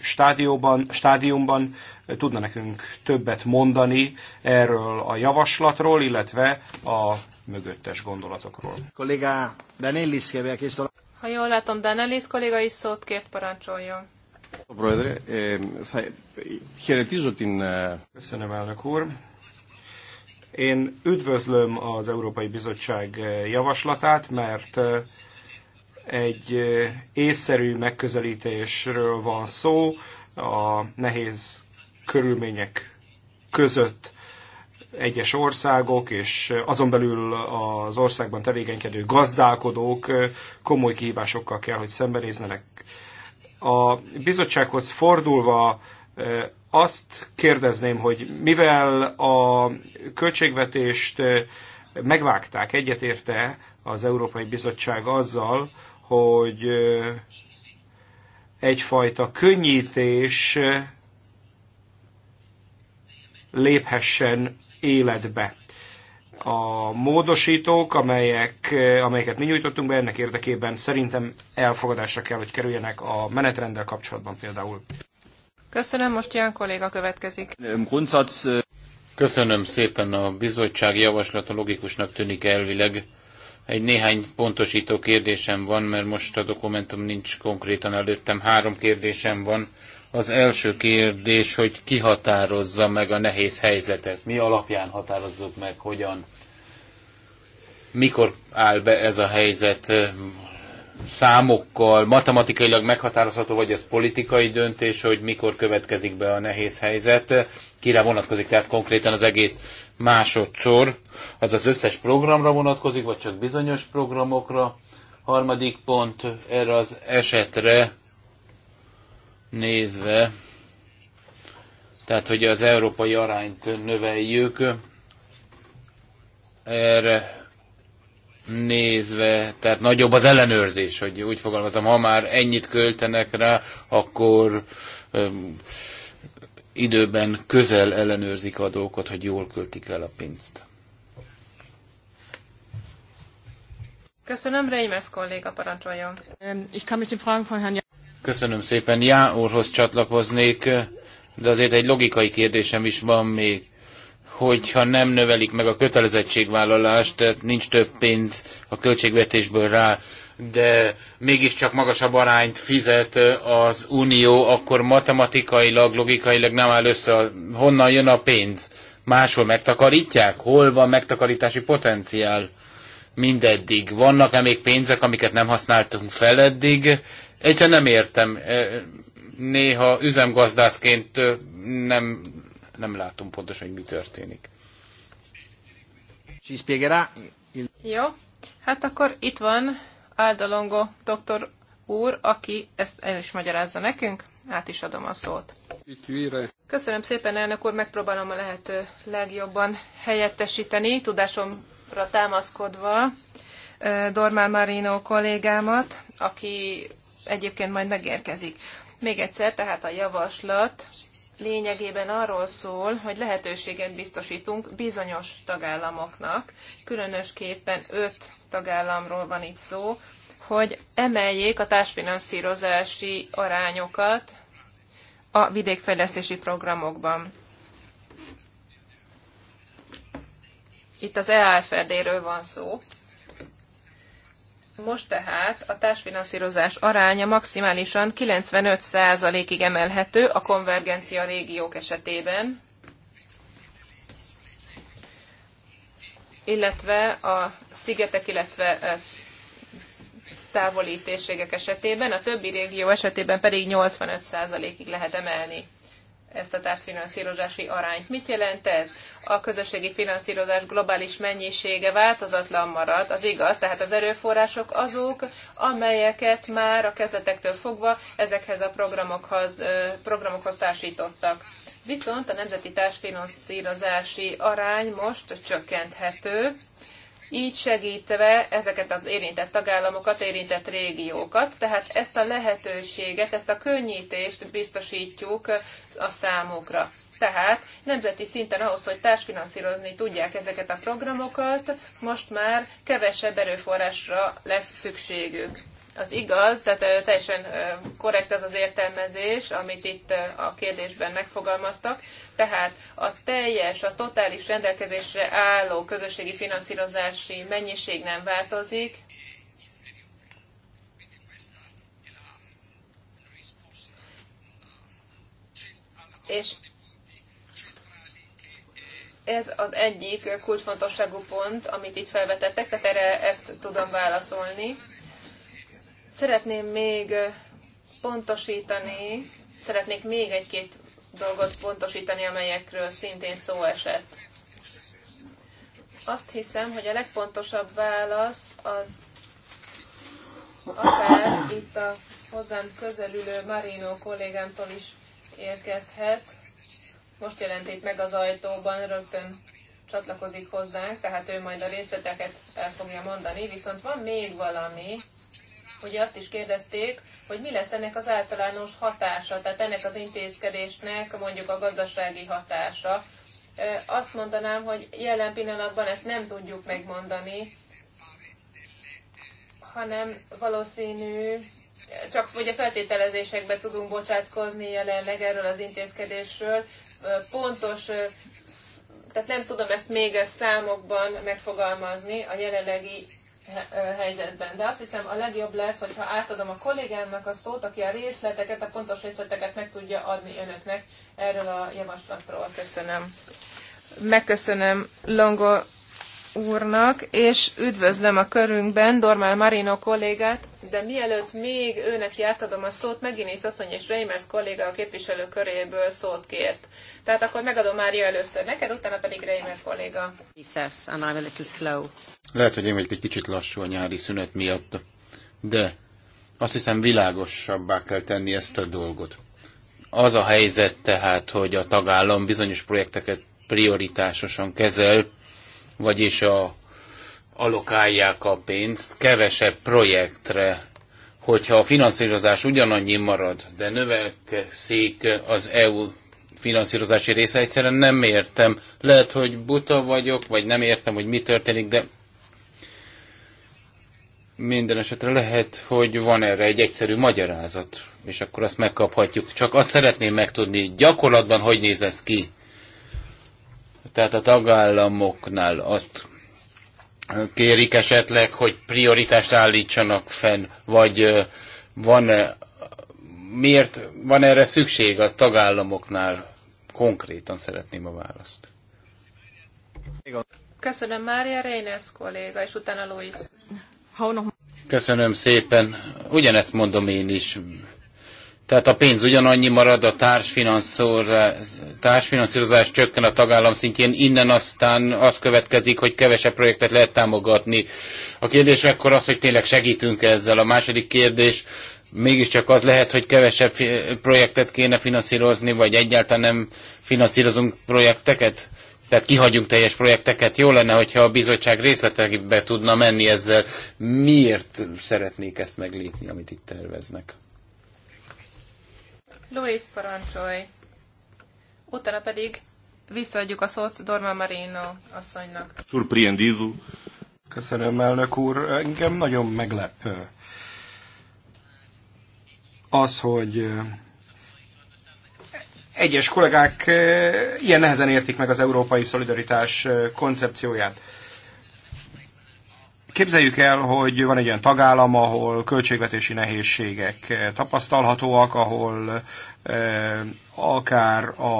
stádióban, stádiumban tudna nekünk többet mondani erről a javaslatról, illetve a mögöttes gondolatokról. Kolléga Danellis, Ha jól látom, Danelis kolléga is szót kért, parancsoljon. Köszönöm, elnök úr. Én üdvözlöm az Európai Bizottság e, javaslatát, mert e, egy e, észszerű megközelítésről van szó a nehéz körülmények között egyes országok, és azon belül az országban tevékenykedő gazdálkodók komoly kihívásokkal kell, hogy szembenézzenek, a bizottsághoz fordulva azt kérdezném, hogy mivel a költségvetést megvágták, egyetérte az Európai Bizottság azzal, hogy egyfajta könnyítés léphessen életbe a módosítók, amelyek, amelyeket mi nyújtottunk be, ennek érdekében szerintem elfogadásra kell, hogy kerüljenek a menetrenddel kapcsolatban például. Köszönöm, most ilyen kolléga következik. Köszönöm szépen, a bizottság javaslata logikusnak tűnik elvileg. Egy néhány pontosító kérdésem van, mert most a dokumentum nincs konkrétan előttem. Három kérdésem van. Az első kérdés, hogy ki határozza meg a nehéz helyzetet. Mi alapján határozzuk meg, hogyan, mikor áll be ez a helyzet számokkal, matematikailag meghatározható, vagy ez politikai döntés, hogy mikor következik be a nehéz helyzet, kire vonatkozik, tehát konkrétan az egész másodszor, az az összes programra vonatkozik, vagy csak bizonyos programokra. Harmadik pont erre az esetre nézve, tehát hogy az európai arányt növeljük, erre nézve, tehát nagyobb az ellenőrzés, hogy úgy fogalmazom, ha már ennyit költenek rá, akkor öm, időben közel ellenőrzik a dolgokat, hogy jól költik el a pénzt. Köszönöm, Reimers kolléga, parancsoljon. Ähm, ich kann mich den Fragen von Herrn Köszönöm szépen. Já úrhoz csatlakoznék, de azért egy logikai kérdésem is van még hogyha nem növelik meg a kötelezettségvállalást, tehát nincs több pénz a költségvetésből rá, de mégiscsak magasabb arányt fizet az Unió, akkor matematikailag, logikailag nem áll össze, honnan jön a pénz. Máshol megtakarítják? Hol van megtakarítási potenciál? Mindeddig. Vannak-e még pénzek, amiket nem használtunk fel eddig? Egyszer nem értem. E, néha üzemgazdászként nem, nem látom pontosan, hogy mi történik. Jó, hát akkor itt van Áldalongo doktor úr, aki ezt el is magyarázza nekünk. Át is adom a szót. Köszönöm szépen, elnök úr, megpróbálom a lehető legjobban helyettesíteni, tudásomra támaszkodva Dormán Marino kollégámat, aki egyébként majd megérkezik. Még egyszer, tehát a javaslat lényegében arról szól, hogy lehetőséget biztosítunk bizonyos tagállamoknak, különösképpen öt tagállamról van itt szó, hogy emeljék a társfinanszírozási arányokat a vidékfejlesztési programokban. Itt az EAFRD-ről van szó, most tehát a társfinanszírozás aránya maximálisan 95%-ig emelhető a konvergencia régiók esetében, illetve a szigetek, illetve e, távoli esetében, a többi régió esetében pedig 85%-ig lehet emelni ezt a társfinanszírozási arányt. Mit jelent ez? A közösségi finanszírozás globális mennyisége változatlan marad, az igaz, tehát az erőforrások azok, amelyeket már a kezdetektől fogva ezekhez a programokhoz, programokhoz társítottak. Viszont a nemzeti társfinanszírozási arány most csökkenthető, így segítve ezeket az érintett tagállamokat, érintett régiókat. Tehát ezt a lehetőséget, ezt a könnyítést biztosítjuk a számukra. Tehát nemzeti szinten ahhoz, hogy társfinanszírozni tudják ezeket a programokat, most már kevesebb erőforrásra lesz szükségük az igaz, tehát teljesen korrekt az az értelmezés, amit itt a kérdésben megfogalmaztak. Tehát a teljes, a totális rendelkezésre álló közösségi finanszírozási mennyiség nem változik, és ez az egyik kulcsfontosságú pont, amit itt felvetettek, tehát erre ezt tudom válaszolni Szeretném még pontosítani, szeretnék még egy-két dolgot pontosítani, amelyekről szintén szó esett. Azt hiszem, hogy a legpontosabb válasz az akár itt a hozzám közelülő Marino kollégámtól is érkezhet. Most jelent itt meg az ajtóban, rögtön csatlakozik hozzánk, tehát ő majd a részleteket el fogja mondani. Viszont van még valami, ugye azt is kérdezték, hogy mi lesz ennek az általános hatása, tehát ennek az intézkedésnek mondjuk a gazdasági hatása. Azt mondanám, hogy jelen pillanatban ezt nem tudjuk megmondani, hanem valószínű, csak ugye feltételezésekbe tudunk bocsátkozni jelenleg erről az intézkedésről. Pontos, tehát nem tudom ezt még számokban megfogalmazni, a jelenlegi helyzetben. De azt hiszem a legjobb lesz, hogyha átadom a kollégámnak a szót, aki a részleteket, a pontos részleteket meg tudja adni önöknek erről a javaslatról. Köszönöm. Megköszönöm Longo úrnak, és üdvözlöm a körünkben Dormál Marino kollégát, de mielőtt még őnek átadom a szót, Meginész asszony és Reimers kolléga a képviselő köréből szót kért. Tehát akkor megadom Mária először neked, utána pedig Reimers kolléga. Lehet, hogy én vagyok egy kicsit lassú a nyári szünet miatt, de azt hiszem világosabbá kell tenni ezt a dolgot. Az a helyzet tehát, hogy a tagállam bizonyos projekteket prioritásosan kezel, vagyis a, alokálják a pénzt kevesebb projektre, hogyha a finanszírozás ugyanannyi marad, de növekszik az EU finanszírozási része, egyszerűen nem értem. Lehet, hogy buta vagyok, vagy nem értem, hogy mi történik, de minden esetre lehet, hogy van erre egy egyszerű magyarázat, és akkor azt megkaphatjuk. Csak azt szeretném megtudni, gyakorlatban hogy néz ez ki? Tehát a tagállamoknál azt kérik esetleg, hogy prioritást állítsanak fenn, vagy van -e, miért van erre szükség a tagállamoknál? Konkrétan szeretném a választ. Köszönöm, Mária Reynes kolléga, és utána Louis. Köszönöm szépen. Ugyanezt mondom én is. Tehát a pénz ugyanannyi marad, a társfinanszírozás csökken a tagállam szintjén, innen aztán az következik, hogy kevesebb projektet lehet támogatni. A kérdés akkor az, hogy tényleg segítünk ezzel. A második kérdés, mégiscsak az lehet, hogy kevesebb projektet kéne finanszírozni, vagy egyáltalán nem finanszírozunk projekteket? Tehát kihagyunk teljes projekteket. Jó lenne, hogyha a bizottság részletekbe tudna menni ezzel. Miért szeretnék ezt meglépni, amit itt terveznek? Louis, parancsolj! Utána pedig visszaadjuk a szót Dorma Marino asszonynak. Surpreendido. Köszönöm, elnök úr. Engem nagyon meglep az, hogy egyes kollégák ilyen nehezen értik meg az európai szolidaritás koncepcióját. Képzeljük el, hogy van egy olyan tagállam, ahol költségvetési nehézségek tapasztalhatóak, ahol eh, akár a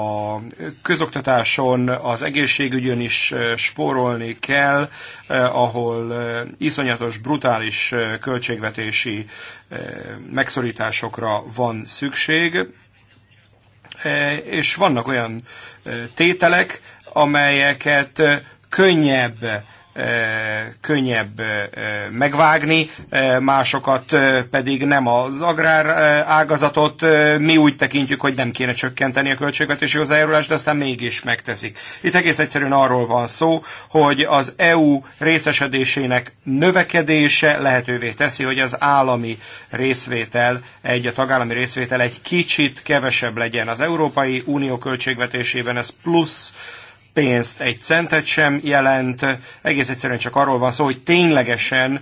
közoktatáson, az egészségügyön is eh, spórolni kell, eh, ahol iszonyatos, brutális költségvetési megszorításokra van szükség. És vannak olyan tételek, amelyeket könnyebb könnyebb megvágni, másokat pedig nem az agrár ágazatot. Mi úgy tekintjük, hogy nem kéne csökkenteni a költségvetési hozzájárulást, de aztán mégis megteszik. Itt egész egyszerűen arról van szó, hogy az EU részesedésének növekedése lehetővé teszi, hogy az állami részvétel, egy a tagállami részvétel egy kicsit kevesebb legyen. Az Európai Unió költségvetésében ez plusz pénzt, egy centet sem jelent, egész egyszerűen csak arról van szó, hogy ténylegesen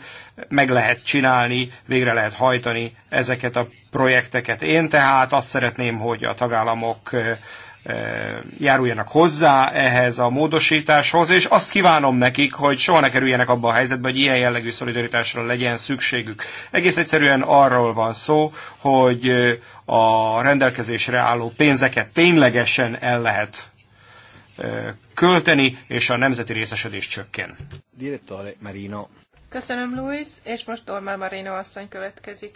meg lehet csinálni, végre lehet hajtani ezeket a projekteket. Én tehát azt szeretném, hogy a tagállamok járuljanak hozzá ehhez a módosításhoz, és azt kívánom nekik, hogy soha ne kerüljenek abba a helyzetbe, hogy ilyen jellegű szolidaritásra legyen szükségük. Egész egyszerűen arról van szó, hogy a rendelkezésre álló pénzeket ténylegesen el lehet költeni, és a nemzeti részesedés csökken. Direttore Marino. Köszönöm, Luis, és most Ormán Marino asszony következik.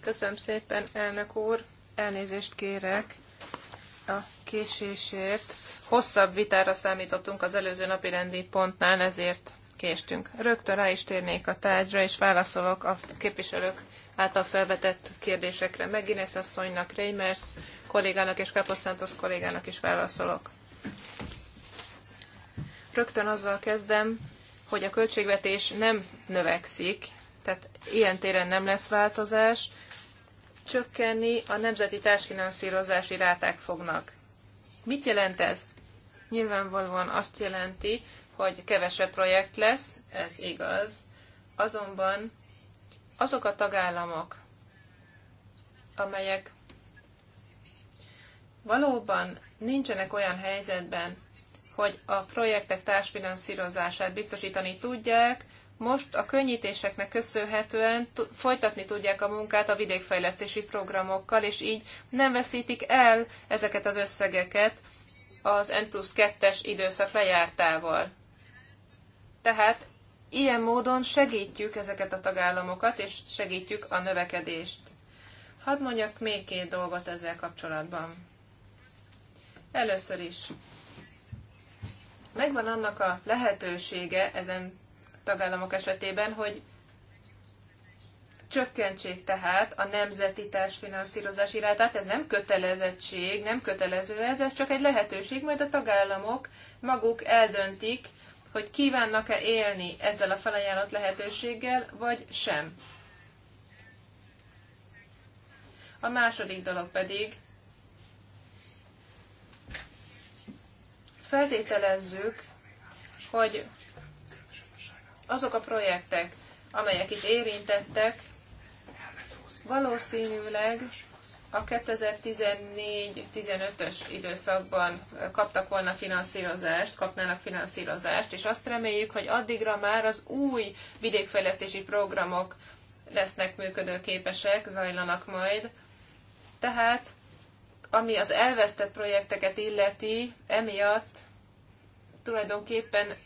Köszönöm szépen, elnök úr. Elnézést kérek a késésért. Hosszabb vitára számítottunk az előző napi rendi pontnál, ezért késtünk. Rögtön rá is térnék a tárgyra, és válaszolok a képviselők által felvetett kérdésekre. a asszonynak, Reimers kollégának és Kaposztántos kollégának is válaszolok. Rögtön azzal kezdem, hogy a költségvetés nem növekszik, tehát ilyen téren nem lesz változás, csökkenni a nemzeti társfinanszírozási ráták fognak. Mit jelent ez? Nyilvánvalóan azt jelenti, hogy kevesebb projekt lesz, ez igaz, azonban azok a tagállamok, amelyek valóban nincsenek olyan helyzetben, hogy a projektek társfinanszírozását biztosítani tudják, most a könnyítéseknek köszönhetően folytatni tudják a munkát a vidékfejlesztési programokkal, és így nem veszítik el ezeket az összegeket az N plusz 2-es időszak lejártával. Tehát ilyen módon segítjük ezeket a tagállamokat, és segítjük a növekedést. Hadd mondjak még két dolgot ezzel kapcsolatban. Először is megvan annak a lehetősége ezen tagállamok esetében, hogy csökkentsék tehát a nemzeti társfinanszírozás irányát. Ez nem kötelezettség, nem kötelező ez, ez csak egy lehetőség, majd a tagállamok maguk eldöntik, hogy kívánnak-e élni ezzel a felajánlott lehetőséggel, vagy sem. A második dolog pedig feltételezzük, hogy azok a projektek, amelyek itt érintettek, valószínűleg a 2014-15-ös időszakban kaptak volna finanszírozást, kapnának finanszírozást, és azt reméljük, hogy addigra már az új vidékfejlesztési programok lesznek működőképesek, zajlanak majd. Tehát ami az elvesztett projekteket illeti, emiatt tulajdonképpen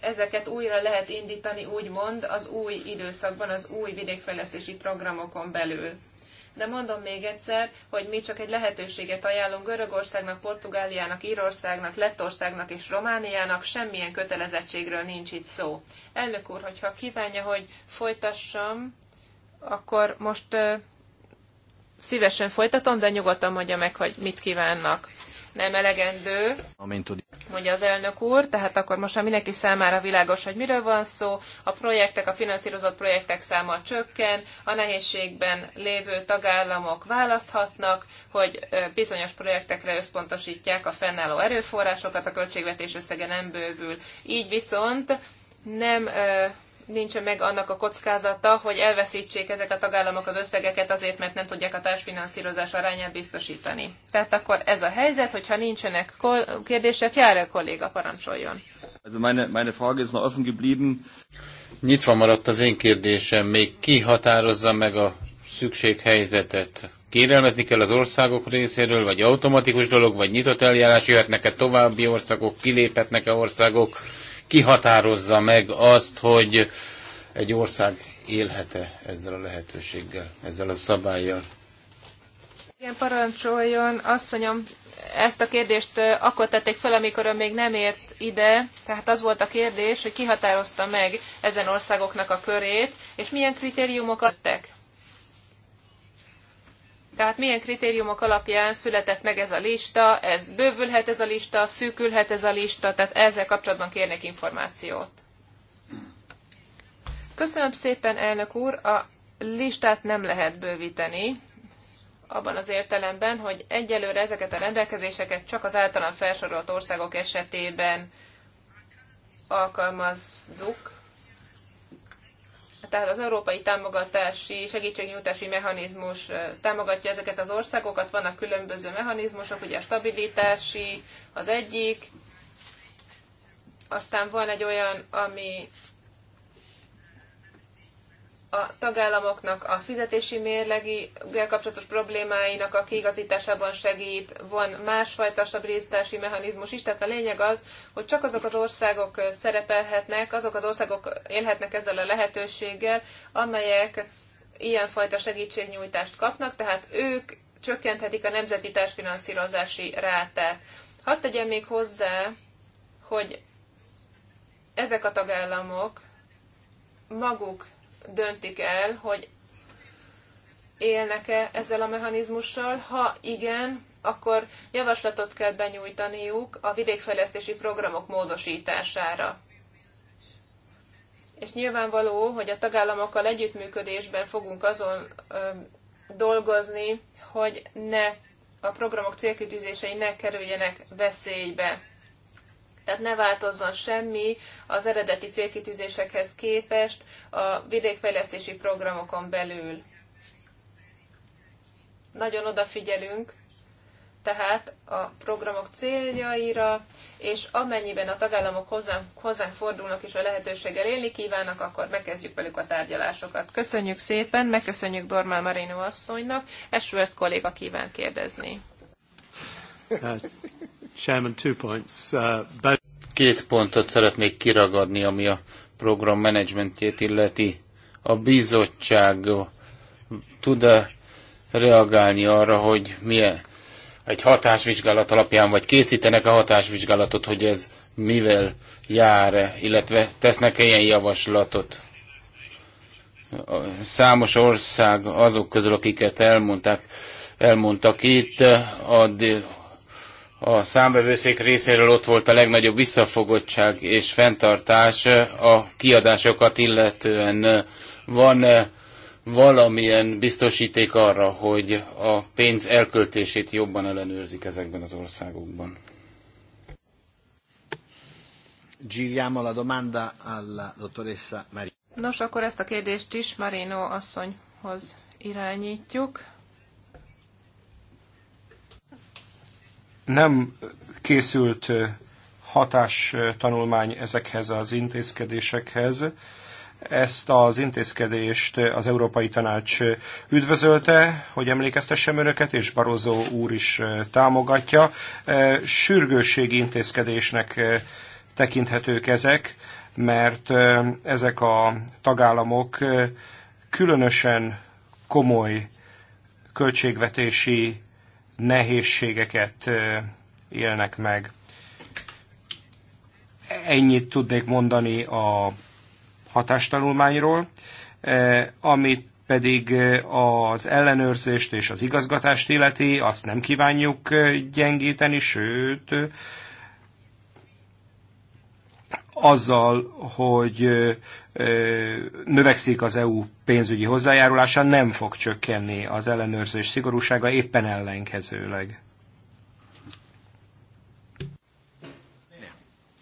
ezeket újra lehet indítani, úgymond, az új időszakban, az új vidékfejlesztési programokon belül. De mondom még egyszer, hogy mi csak egy lehetőséget ajánlunk Görögországnak, Portugáliának, Írországnak, Lettországnak és Romániának, semmilyen kötelezettségről nincs itt szó. Elnök úr, hogyha kívánja, hogy folytassam, akkor most szívesen folytatom, de nyugodtan mondja meg, hogy mit kívánnak. Nem elegendő, mondja az elnök úr, tehát akkor most már mindenki számára világos, hogy miről van szó. A projektek, a finanszírozott projektek száma csökken, a nehézségben lévő tagállamok választhatnak, hogy bizonyos projektekre összpontosítják a fennálló erőforrásokat, a költségvetés összege nem bővül. Így viszont nem nincs meg annak a kockázata, hogy elveszítsék ezek a tagállamok az összegeket azért, mert nem tudják a társfinanszírozás arányát biztosítani. Tehát akkor ez a helyzet, hogyha nincsenek kérdések, jár a kolléga parancsoljon. Also meine, meine Frage ist noch offen geblieben. Nyitva maradt az én kérdésem, még ki határozza meg a szükséghelyzetet? Kérelmezni kell az országok részéről, vagy automatikus dolog, vagy nyitott eljárás, jöhetnek-e további országok, kiléphetnek-e országok? kihatározza meg azt, hogy egy ország élhet-e ezzel a lehetőséggel, ezzel a szabályjal. Igen, parancsoljon, asszonyom, ezt a kérdést akkor tették fel, amikor ön még nem ért ide, tehát az volt a kérdés, hogy kihatározta meg ezen országoknak a körét, és milyen kritériumokat tettek. Tehát milyen kritériumok alapján született meg ez a lista, ez bővülhet ez a lista, szűkülhet ez a lista, tehát ezzel kapcsolatban kérnek információt. Köszönöm szépen, elnök úr, a listát nem lehet bővíteni, abban az értelemben, hogy egyelőre ezeket a rendelkezéseket csak az általán felsorolt országok esetében alkalmazzuk, tehát az európai támogatási, segítségnyújtási mechanizmus támogatja ezeket az országokat, vannak különböző mechanizmusok, ugye a stabilitási az egyik, aztán van egy olyan, ami a tagállamoknak a fizetési mérleggel kapcsolatos problémáinak a kiigazításában segít, van másfajta stabilizási mechanizmus is, tehát a lényeg az, hogy csak azok az országok szerepelhetnek, azok az országok élhetnek ezzel a lehetőséggel, amelyek ilyenfajta segítségnyújtást kapnak, tehát ők csökkenthetik a nemzeti társfinanszírozási rátát. Hadd tegyem még hozzá, hogy ezek a tagállamok maguk döntik el, hogy élnek-e ezzel a mechanizmussal. Ha igen, akkor javaslatot kell benyújtaniuk a vidékfejlesztési programok módosítására. És nyilvánvaló, hogy a tagállamokkal együttműködésben fogunk azon ö, dolgozni, hogy ne a programok célkütőzései ne kerüljenek veszélybe tehát ne változzon semmi az eredeti célkitűzésekhez képest a vidékfejlesztési programokon belül. Nagyon odafigyelünk tehát a programok céljaira, és amennyiben a tagállamok hozzánk, hozzánk fordulnak és a lehetőséggel élni kívánnak, akkor megkezdjük velük a tárgyalásokat. Köszönjük szépen, megköszönjük Dormál Marino asszonynak, Esvert kolléga kíván kérdezni. Hát, Uh, Két pontot szeretnék kiragadni, ami a program menedzsmentjét illeti. A bizottság tud-e reagálni arra, hogy milyen egy hatásvizsgálat alapján, vagy készítenek a hatásvizsgálatot, hogy ez mivel jár, -e, illetve tesznek -e ilyen javaslatot. Számos ország azok közül, akiket elmondták, elmondtak itt, a a számbevőszék részéről ott volt a legnagyobb visszafogottság és fenntartás a kiadásokat illetően. Van valamilyen biztosíték arra, hogy a pénz elköltését jobban ellenőrzik ezekben az országokban? Giriamo la domanda alla dottoressa Marino. Nos, akkor ezt a kérdést is Marino asszonyhoz irányítjuk. nem készült hatás tanulmány ezekhez az intézkedésekhez. Ezt az intézkedést az Európai Tanács üdvözölte, hogy emlékeztessem önöket, és Barozó úr is támogatja. Sürgősségi intézkedésnek tekinthetők ezek, mert ezek a tagállamok különösen komoly költségvetési nehézségeket élnek meg. Ennyit tudnék mondani a hatástanulmányról, amit pedig az ellenőrzést és az igazgatást illeti, azt nem kívánjuk gyengíteni, sőt, azzal, hogy növekszik az EU pénzügyi hozzájárulása, nem fog csökkenni az ellenőrzés szigorúsága, éppen ellenkezőleg.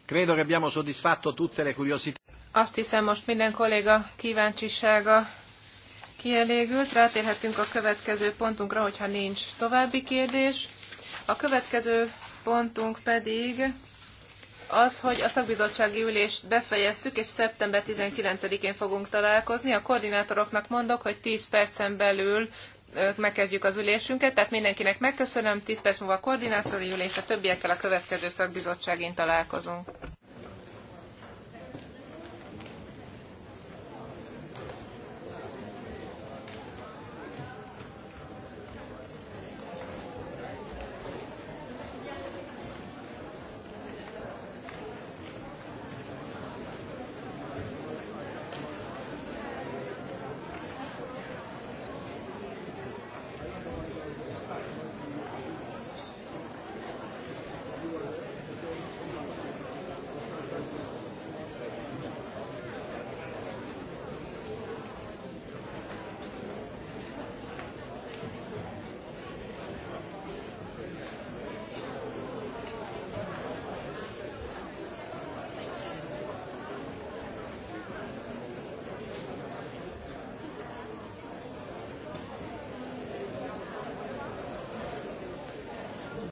Credo che abbiamo soddisfatto tutte le curiosità. Azt hiszem, most minden kolléga kíváncsisága kielégült. Rátérhetünk a következő pontunkra, hogyha nincs további kérdés. A következő pontunk pedig az, hogy a szakbizottsági ülést befejeztük, és szeptember 19-én fogunk találkozni. A koordinátoroknak mondok, hogy 10 percen belül megkezdjük az ülésünket, tehát mindenkinek megköszönöm, 10 perc múlva a koordinátori ülés, a többiekkel a következő szakbizottságén találkozunk.